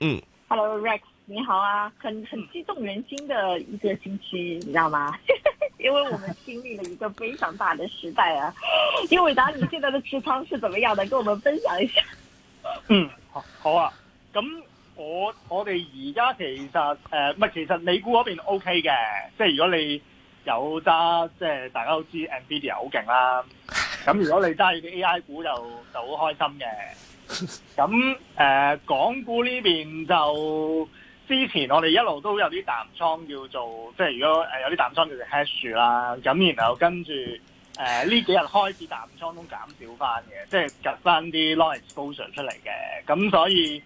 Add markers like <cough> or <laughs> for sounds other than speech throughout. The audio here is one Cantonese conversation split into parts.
嗯、mm.，Hello Rex，你好啊，很很激動人心的一個星期，你知道嗎？ <laughs> 因為我們經歷了一個非常大的時代啊。 <laughs> 英偉達，你現在的持倉是怎麼樣的？跟我們分享一下。Uh, 嗯，好，好啊。咁我我哋而家其實誒，唔、呃、係，其實美股嗰邊 OK 嘅，即係如果你有揸，即係大家都知道 Nvidia 好勁啦。咁如果你揸啲 AI 股就就好開心嘅。咁 <laughs> 誒、呃，港股呢邊就之前我哋一路都有啲淡倉叫做，即係如果誒、呃、有啲淡倉叫做 hedge 啦，咁然後跟住誒呢幾日開始淡倉都減少翻嘅，即係夾翻啲 long exposure 出嚟嘅，咁所以誒、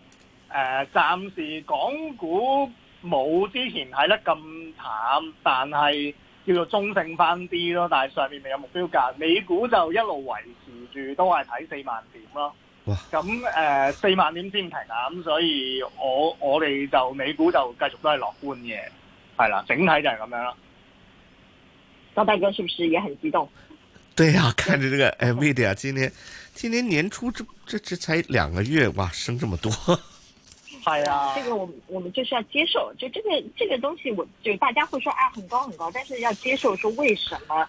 呃、暫時港股冇之前睇得咁淡，但係叫做中性翻啲咯，但係上面咪有目標價，美股就一路維持住都係睇四萬點咯。咁誒，四萬點先唔停啊！咁所以我我哋就美股就繼續都係樂觀嘅，係啦，整體就係咁樣啦。高大哥是不是也很激動？對啊，看着這個 <laughs> 哎 NVIDIA 今年今年年初這這這才兩個月，哇，升這麼多。係啊，這個我們我們就是要接受，就這個這個東西，我就大家會說啊，很高很高，但是要接受，說為什麼？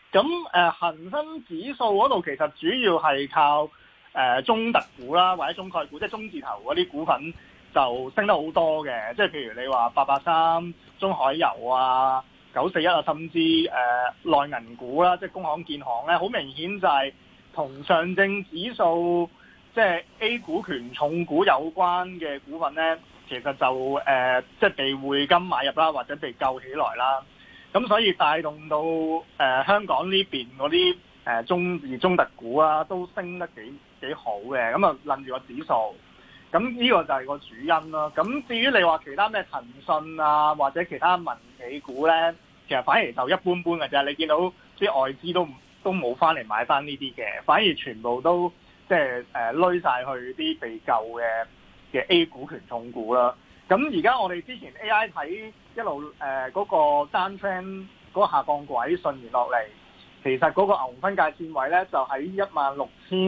咁誒恆生指數嗰度其實主要係靠誒、呃、中特股啦，或者中概股，即係中字頭嗰啲股份就升得好多嘅。即係譬如你話八八三、中海油啊、九四一啊，甚至誒、呃、內銀股啦，即係工行、建行咧，好明顯就係同上證指數即係、就是、A 股權重股有關嘅股份咧，其實就誒、呃、即係被匯金買入啦，或者被救起來啦。咁所以帶動到誒、呃、香港呢邊嗰啲誒中中特股啊，都升得幾幾好嘅。咁啊，諗住個指數，咁呢個就係個主因啦、啊、咁至於你話其他咩騰訊啊，或者其他民企股咧，其實反而就一般般嘅啫。你見到啲外資都都冇翻嚟買翻呢啲嘅，反而全部都即係誒晒曬去啲被救嘅嘅 A 股權重股啦。咁而家我哋之前 A I 睇。一路誒嗰個 down trend 嗰個下降軌順延落嚟，其實嗰個牛分界線位咧就喺一萬六千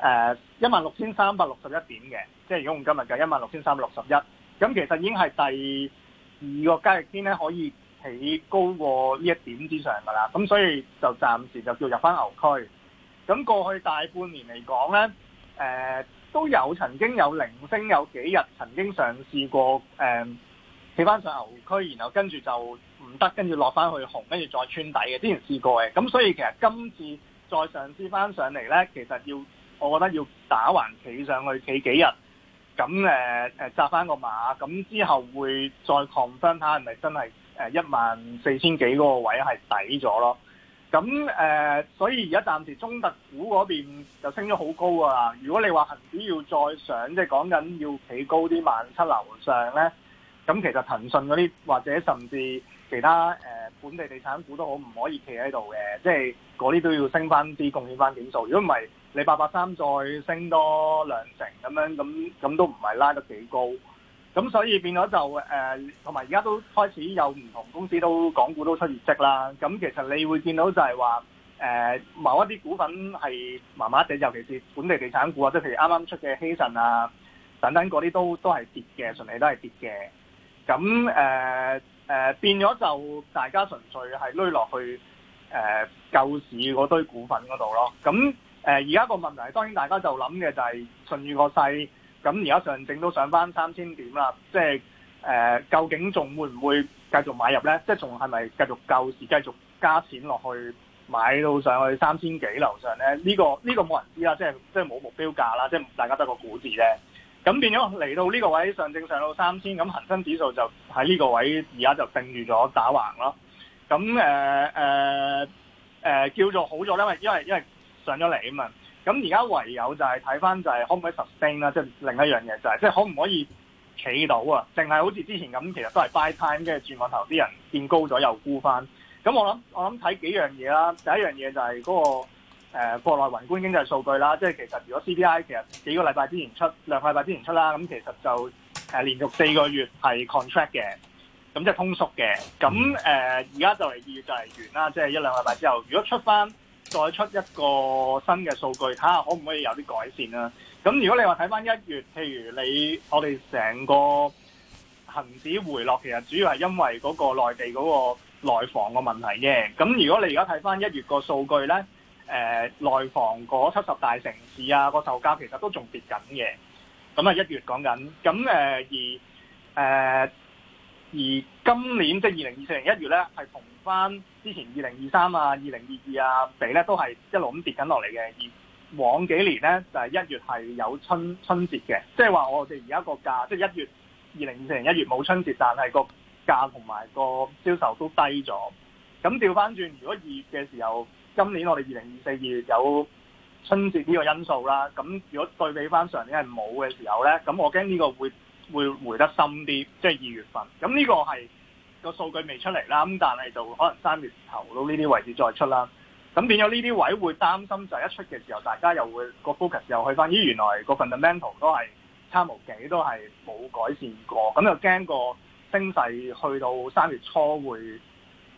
誒一萬六千三百六十一點嘅，即係如果用今日價一萬六千三百六十一，咁其實已經係第二個交易天咧可以起高過呢一點之上㗎啦，咁所以就暫時就叫入翻牛區。咁過去大半年嚟講咧、呃，都有曾經有零星有幾日曾經嘗試過、呃企翻上牛區，然後跟住就唔得，跟住落翻去熊，跟住再穿底嘅，之前試過嘅。咁所以其實今次再上試翻上嚟咧，其實要我覺得要打橫企上去企幾日，咁誒誒紮翻個馬，咁之後會再 confirm 下係咪真係誒一萬四千幾嗰個位係底咗咯。咁誒、呃，所以而家暫時中特股嗰邊就升咗好高啦，如果你話恒指要再上，即係講緊要企高啲萬七樓上咧。咁其實騰訊嗰啲或者甚至其他誒、呃、本地地產股都好，唔可以企喺度嘅，即係嗰啲都要升翻啲，貢獻翻點數。如果唔係你八百三再升多兩成咁樣，咁咁都唔係拉得幾高。咁所以變咗就誒，同埋而家都開始有唔同公司都港股都出業績啦。咁其實你會見到就係話誒，某一啲股份係麻麻地，尤其是本地地產股就是剛剛啊，即係譬如啱啱出嘅希慎啊等等嗰啲都都係跌嘅，順理都係跌嘅。咁誒誒變咗就大家純粹係攞落去誒救、呃、市嗰堆股份嗰度咯。咁誒而家個問題當然大家就諗嘅就係、是、順住個勢。咁而家上證都上翻三千點啦，即係誒究竟仲會唔會繼續買入咧？即係仲係咪繼續救市繼續加錢落去買到上去三千幾樓上咧？呢、呢個呢、呢個冇人知啦，即係即係冇目標價啦，即、就、係、是、大家得個估字啫。咁變咗嚟到呢個位，上證上到三千，咁恆生指數就喺呢個位，而家就定住咗打橫咯。咁誒誒誒叫做好咗咧，因為因為因為上咗嚟啊嘛。咁而家唯有就係睇翻就係可唔可以實升啦，即係另一樣嘢就係即係可唔可以企到啊？淨係好似之前咁，其實都係 buy time 跟住轉個頭，啲人變高咗又沽翻。咁我諗我諗睇幾樣嘢啦。第一樣嘢就係嗰個。誒、呃、國內宏觀經濟數據啦，即係其實如果 CPI 其實幾個禮拜之前出，兩禮拜之前出啦，咁其實就誒連續四個月係 contract 嘅，咁即係通縮嘅。咁誒而家就嚟二月就嚟完啦，即、就、係、是、一兩禮拜之後，如果出翻再出一個新嘅數據，睇下可唔可以有啲改善啦。咁如果你話睇翻一月，譬如你我哋成個恆指回落，其實主要係因為嗰個內地嗰個內房嘅問題啫。咁如果你而家睇翻一月個數據咧。誒、呃、內房嗰七十大城市啊，個售價其實都仲跌緊嘅。咁啊，一月講緊，咁誒而誒而今年即係二零二四年一月咧，係同翻之前二零二三啊、二零二二啊比咧，都係一路咁跌緊落嚟嘅。而往幾年咧，就係、是、一月係有春春節嘅，即係話我哋而家個價即係一月二零二四年一月冇春節，但係個價同埋個銷售都低咗。咁調翻轉，如果二月嘅時候，今年我哋二零二四二月有春節呢個因素啦，咁如果對比翻上年係冇嘅時候咧，咁我驚呢個會會回得深啲，即係二月份。咁呢個係個數據未出嚟啦，咁但係就可能三月頭到呢啲位置再出啦。咁變咗呢啲位會擔心就係一出嘅時候，大家又會個 focus 又去翻，咦，原來個 fundamental 都係差無幾，都係冇改善過，咁又驚個升勢去到三月初會。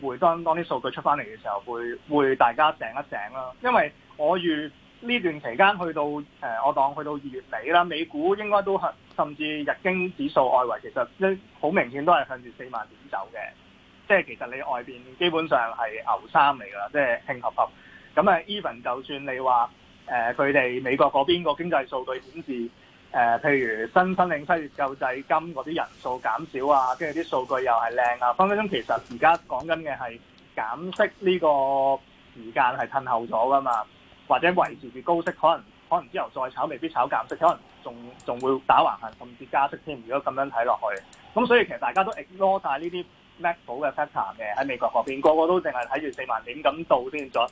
會當當啲數據出翻嚟嘅時候會，會會大家醒一醒啦。因為我預呢段期間去到誒、呃，我當去到二月尾啦，美股應該都係，甚至日經指數外圍其實一好明顯都係向住四萬點走嘅。即係其實你外邊基本上係牛三嚟㗎啦，即係興合合。咁啊，Even 就算你話誒，佢、呃、哋美國嗰邊個經濟數據顯示。誒、呃，譬如新申領失業救濟金嗰啲人數減少啊，跟住啲數據又係靚啊，分分鐘其實而家講緊嘅係減息呢個時間係褪後咗噶嘛，或者維持住高息，可能可能之後再炒未必炒減息，可能仲仲會打橫行，甚至加息添。如果咁樣睇落去，咁所以其實大家都 ignore 晒呢啲 macro 嘅 factor 嘅喺美國嗰邊，個個都淨係睇住四萬點，咁到先再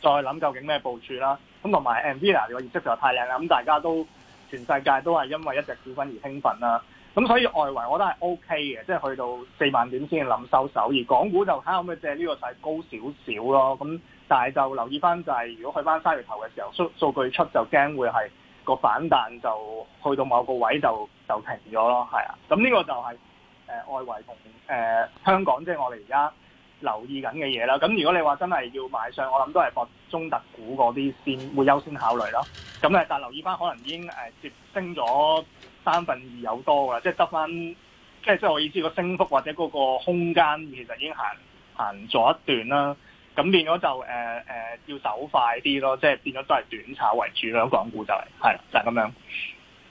再諗究竟咩部署啦、啊？咁同埋 Nvidia 個業績就太靚啦，咁大家都～全世界都係因為一隻股份而興奮啦、啊，咁所以外圍我覺得係 O K 嘅，即係去到四萬點先諗收手，而港股就睇下可唔可以借呢個勢高少少咯。咁但係就留意翻就係、是，如果去翻三月頭嘅時候數數據出就驚會係個反彈就去到某個位就就停咗咯，係啊。咁呢個就係、是呃、外圍同、呃、香港，即係我哋而家。留意緊嘅嘢啦，咁如果你話真係要買上，我諗都係博中特股嗰啲先會優先考慮咯。咁誒，但留意翻可能已經、呃、接升咗三分二有多噶啦，即係得翻，即係即係我意思個升幅或者嗰個空間其實已經行行咗一段啦。咁變咗就誒、呃呃、要走快啲咯，即係變咗都係短炒為主咯，港股就係係就係咁樣。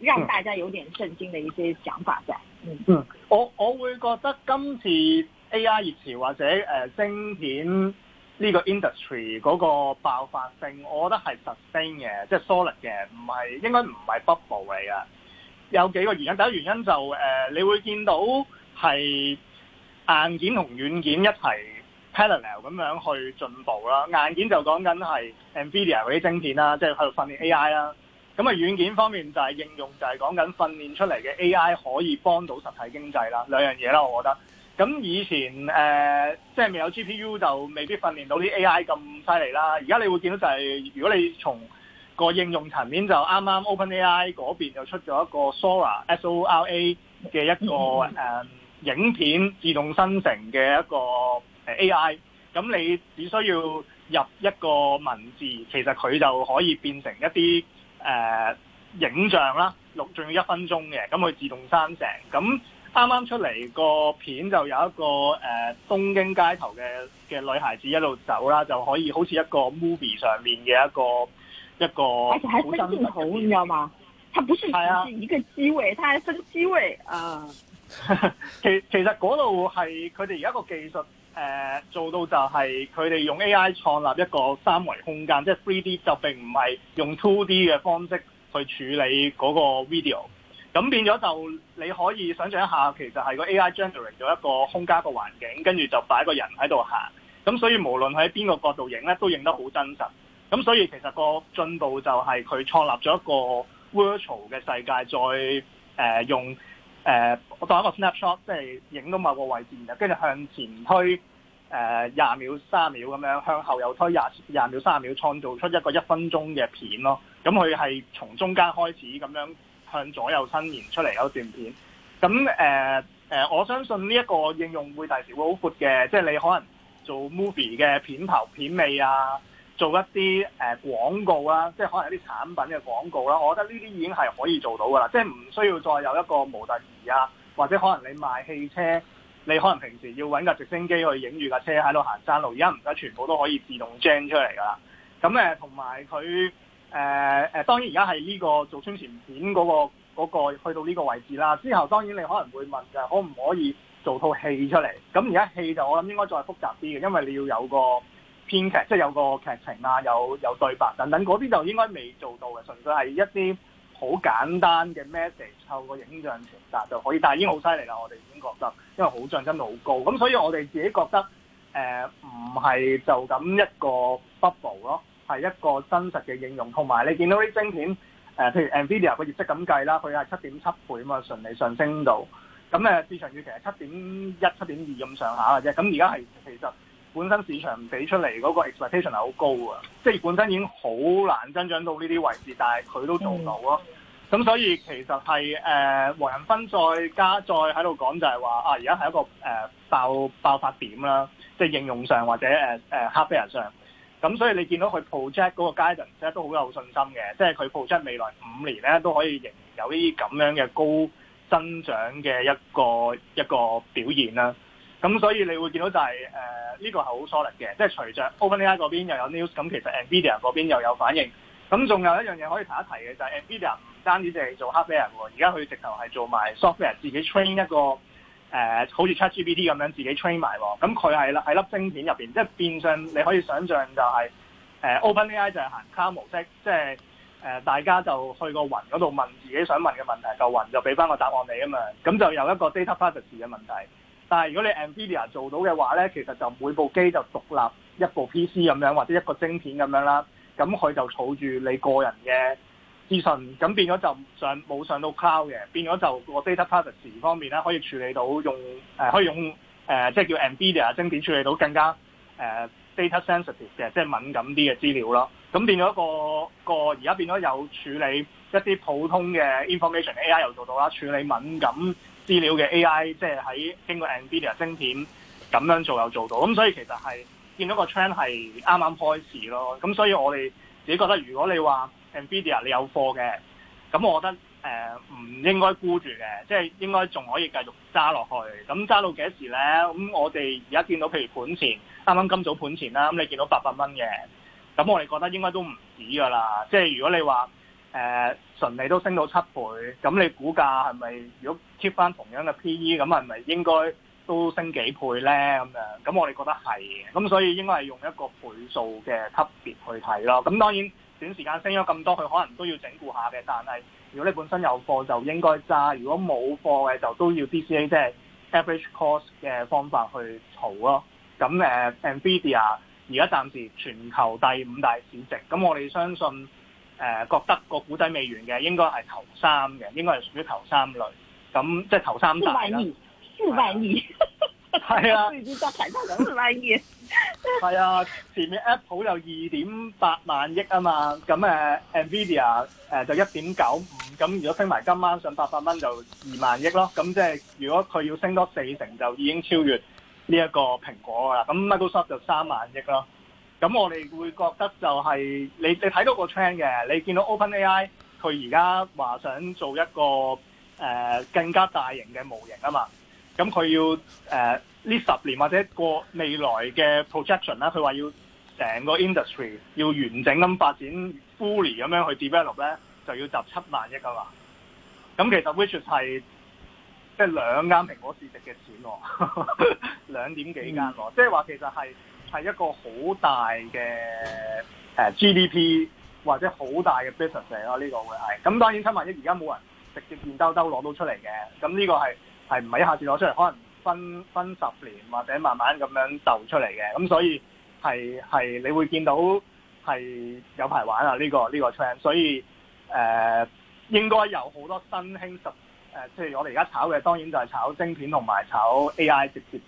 讓大家有點震驚的一些想法嘅嗯嗯，我我會覺得今次 A I 熱潮或者誒晶片，呢個 industry 嗰個爆發性，我覺得係 sustainable 即係 solid 嘅，唔係應該唔係 bubble 嚟噶。有幾個原因，第一原因就誒、呃、你會見到係硬件同軟件一齊 parallel 咁樣去進步啦。硬件就講緊係 NVIDIA 嗰啲晶片啦，即係喺度訓練 A I 啦。咁啊，軟件方面就係應用，就係講緊訓練出嚟嘅 A.I. 可以幫到實體經濟啦，兩樣嘢啦，我覺得。咁以前誒，即、呃、係、就是、未有 G.P.U. 就未必訓練到啲 A.I. 咁犀利啦。而家你會見到就係、是，如果你從個應用層面就啱啱 Open A.I. 嗰邊就出咗一個 Sora S.O.R.A. 嘅一個、呃、影片自動生成嘅一個 A.I. 咁你只需要入一個文字，其實佢就可以變成一啲，誒、呃、影像啦，錄仲要一分鐘嘅，咁佢自動生成。咁啱啱出嚟個片就有一個誒、呃、東京街頭嘅嘅女孩子一路走啦，就可以好似一個 movie 上面嘅一個一個而且係分鏡頭你知道嘛？佢不是，是一個機位，佢係分機位啊。其、啊、 <laughs> 其實嗰度係佢哋而家個技術誒做到就係佢哋用 AI 創立一個三維空間，即係 3D，就並唔係用 2D 嘅方式去處理嗰個 video。咁變咗就你可以想像一下，其實係個 AI generate 咗一個空間個環境，跟住就擺個人喺度行。咁所以無論喺邊個角度影咧，都影得好真實。咁所以其實個進步就係佢創立咗一個 virtual 嘅世界再，再、呃、用。誒、呃，我當一個 snapshot，即係影到某個位置嘅，跟住向前推誒廿、呃、秒、三十秒咁樣，向後又推廿廿秒、三十秒，創造出一個一分鐘嘅片咯。咁佢係從中間開始咁樣向左右伸延出嚟嗰段片。咁、嗯呃呃、我相信呢一個應用會第時會好闊嘅，即係你可能做 movie 嘅片頭、片尾啊。做一啲、呃、廣告啦，即係可能一啲產品嘅廣告啦，我覺得呢啲已經係可以做到噶啦，即係唔需要再有一個模特兒啊，或者可能你賣汽車，你可能平時要揾架直升機去影住架車喺度行山路，而家唔使全部都可以自動 gen 出嚟噶啦。咁誒同埋佢誒誒、當然而家係呢個做宣傳片嗰、嗰個、嗰個去到呢個位置啦。之後當然你可能會問就係可唔可以做套戲出嚟？咁而家戲就我諗應該再複雜啲嘅，因為你要有個編劇即係有個劇情啊，有有對白等等嗰啲就應該未做到嘅，純粹係一啲好簡單嘅 message 透過影像傳達就可以，但係已經好犀利啦！我哋已經覺得，因為好像真度好高，咁所以我哋自己覺得誒唔係就咁一個 bubble 咯，係一個真實嘅應用。同埋你見到啲晶片誒、呃，譬如 NVIDIA 個業績咁計啦，佢係七點七倍啊嘛，順利上升到咁誒市場預期係七點一、七點二咁上下嘅啫。咁而家係其實。本身市場俾出嚟嗰個 expectation 係好高啊，即係本身已經好難增長到呢啲位置，但係佢都做到咯。咁、嗯、所以其實係誒、呃、黃仁勳再加再喺度講就係話啊，而家係一個誒、呃、爆爆發點啦，即係應用上或者 h a 誒誒 hardware 上。咁所以你見到佢 project 嗰個 guidance 咧都好有信心嘅，即係佢 project 未來五年咧都可以仍然有啲咁樣嘅高增長嘅一個一個表現啦。咁所以你會見到就係、是、呢、呃呢個係好 solid 嘅，即係隨著 OpenAI 嗰邊又有 news，咁其實 NVIDIA 嗰邊又有反應。咁仲有一樣嘢可以提一提嘅就係、是、NVIDIA 唔單止淨係做 hardware 喎，而家佢直頭係做埋 software，自己 train 一個、呃、好似 ChatGPT 咁樣自己 train 埋喎。咁佢係喺粒晶片入面，即係變相你可以想象就係、是呃、OpenAI 就係行 car 模式，即係、呃、大家就去個雲嗰度問自己想問嘅問題，嚿雲就俾翻個答案你啊嘛。咁就有一個 data privacy 嘅問題。但係如果你 NVIDIA 做到嘅話咧，其實就每部機就獨立一部 PC 咁樣，或者一個晶片咁樣啦。咁佢就儲住你個人嘅資訊，咁變咗就上冇上到 cloud 嘅，變咗就個 data privacy 方面咧可以處理到用、呃、可以用誒、呃、即係叫 NVIDIA 晶片處理到更加、呃、data sensitive 嘅即係敏感啲嘅資料咯。咁變咗個一個而家變咗有處理一啲普通嘅 information AI 又做到啦，處理敏感。資料嘅 AI 即係喺經過 NVIDIA 晶片咁樣做又做到，咁所以其實係見到個 trend 係啱啱開始咯。咁所以我哋自己覺得，如果你話 NVIDIA 你有貨嘅，咁我覺得誒唔應該沽住嘅，即係應該仲可以繼續揸落去。咁揸到幾時咧？咁我哋而家見到譬如盤前啱啱今早盤前啦，咁你見到八百蚊嘅，咁我哋覺得應該都唔止噶啦。即係如果你話，誒、呃，純利都升到七倍，咁你股價係咪如果 keep 翻同樣嘅 P/E，咁係咪應該都升幾倍咧？咁咁我哋覺得係，咁所以應該係用一個倍數嘅級別去睇咯。咁當然短時間升咗咁多，佢可能都要整固下嘅。但係如果你本身有貨就應該揸，如果冇貨嘅就都要 DCA，即係 average cost 嘅方法去炒咯。咁、呃、NVIDIA 而家暫時全球第五大市值，咁我哋相信。誒、呃、覺得個故仔未完嘅，應該係頭三嘅，應該係屬於頭三類。咁即係頭三大啦。二萬二，係啊。係 <laughs> 是啊， <laughs> 啊，前面 Apple 有二點八萬億啊嘛。咁誒、uh，Nvidia 誒、uh, 就一點九五。咁如果升埋今晚上八百蚊，就二萬億咯。咁即係如果佢要升多四成，就已經超越呢一個蘋果㗎啦。咁 Microsoft 就三萬億咯。咁我哋會覺得就係、是、你你睇到個 trend 嘅，你見到 OpenAI 佢而家話想做一個誒、呃、更加大型嘅模型啊嘛，咁、嗯、佢要誒呢、呃、十年或者過未來嘅 projection 咧，佢話要成個 industry 要完整咁發展 fully 咁、嗯、樣去 develop 咧，就要集七萬億㗎嘛。咁、嗯嗯、其實 which 係即係兩間蘋果市值嘅錢、啊， <laughs> 兩點幾間喎、啊，即係話其實係。係一個好大嘅誒 GDP 或者好大嘅 business 嚟咯，呢個會係咁當然，七萬一而家冇人直接現兜兜攞到出嚟嘅，咁呢個係係唔係一下子攞出嚟，可能分分十年或者慢慢咁樣就出嚟嘅，咁所以係係你會見到係有排玩啊呢個呢個 trend 所以誒、呃、應該有好多新興十誒，即、呃、係我哋而家炒嘅，當然就係炒晶片同埋炒 AI 直接。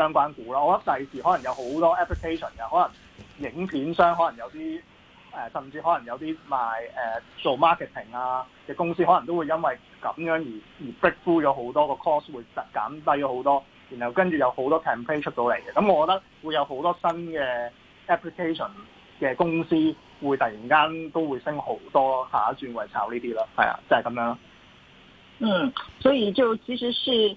相關股啦，我覺得第時可能有好多 application 嘅，可能影片商可能有啲、呃、甚至可能有啲賣、呃、做 marketing 啊嘅公司，可能都會因為咁樣而而 breakthrough 咗好多個 cost 會減低咗好多，然後跟住有好多 campaign 出到嚟嘅，咁我覺得會有好多新嘅 application 嘅公司會突然間都會升好多，下一轉為炒呢啲咯，係啊，就係、是、咁樣。嗯，所以就其實是。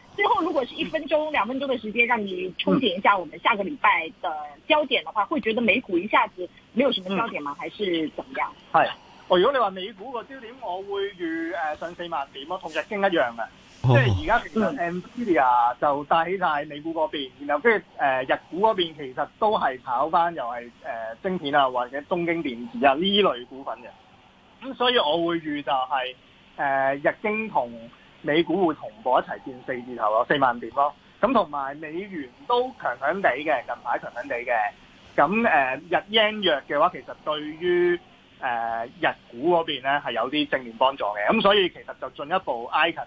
之後如果是一分鐘、兩分鐘嘅時間，讓你憧憬一下我們下個禮拜的焦點的話，會覺得美股一下子沒有什麼焦點嗎？還是點噶、嗯？係，我如果你話美股個焦點，我會預誒、呃、上四萬點咯，同日經一樣嘅。即係而家其實 Nvidia 就帶起曬美股嗰邊，然後跟住誒日股嗰邊其實都係炒返，又係誒晶片啊或者東京電子啊呢類股份嘅。咁、嗯、所以我會預就係、是、誒、呃、日經同。美股會同步一齊見四字頭咯，四萬點咯。咁同埋美元都強強地嘅，近排強強地嘅。咁誒、呃、日圓弱嘅話，其實對於、呃、日股嗰邊咧係有啲正面幫助嘅。咁所以其實就進一步挨近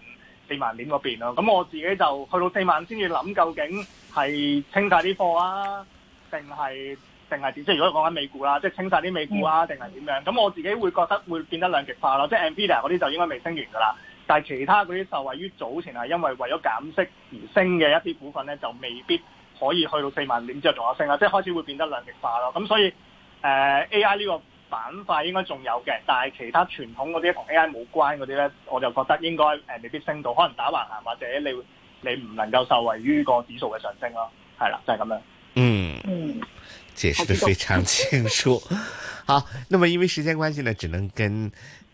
四萬點嗰邊咯。咁我自己就去到四萬先至諗究竟係清晒啲貨啊，定係定係點？即係如果講緊美股啦，即係清晒啲美股啊，定係點樣？咁我自己會覺得會變得兩極化咯。即係 NVIDIA 嗰啲就應該未升完㗎啦。但係其他嗰啲受惠於早前係因為為咗減息而升嘅一啲股份咧，就未必可以去到四萬點之後仲有升啦，即係開始會變得兩極化咯。咁所以誒、呃、A I 呢個板塊應該仲有嘅，但係其他傳統嗰啲同 A I 冇關嗰啲咧，我就覺得應該誒、呃、未必升到，可能打橫行或者你你唔能夠受惠於個指數嘅上升咯。係啦，就係、是、咁樣。嗯嗯，解釋得非常清楚。 <laughs> 好，那麼因為時間關係咧，只能跟。